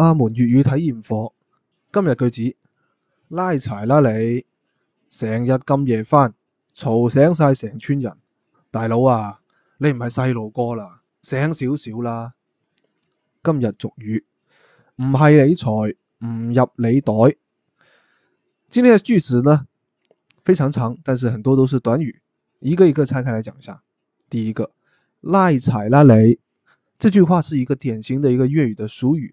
阿門粵語體驗課，今日句子，拉柴啦你，成日咁夜翻，吵醒晒成村人。大佬啊，你唔係細路哥喇，醒少少啦。今日俗語，唔係你財，唔入你袋。今天的句子呢，非常長，但是很多都是短語，一個一個拆開來講一下。第一個拉柴啦你，這句話是一個典型的一個粵語的俗語。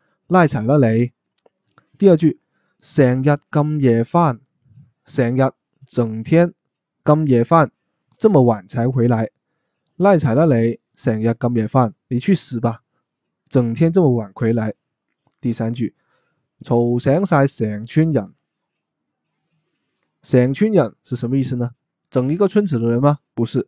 拉柴啦你！第二句，成日咁夜翻，成日整天咁夜翻，這麼晚才回來，拉柴啦你！成日咁夜翻，你去死吧！整天這麼晚回來。第三句，嘈醒晒成村人，成村人是什麼意思呢？整一個村子的人嗎？不是。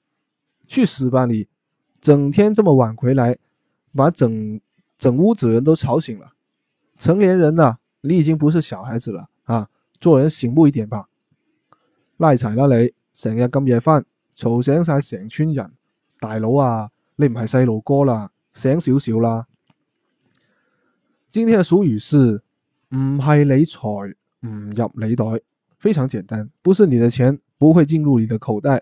去死吧你！整天這麼晚回來，把整整屋子人都吵醒了。成年人啊，你已經不是小孩子了啊！做人醒目一點吧。拉柴啦你，成日咁夜翻，吵醒晒成村人。大佬啊，你唔係細路哥啦，醒少少啦。今天嘅俗語是：唔係你財，唔入你袋。非常簡單，不是你的錢不會進入你的口袋。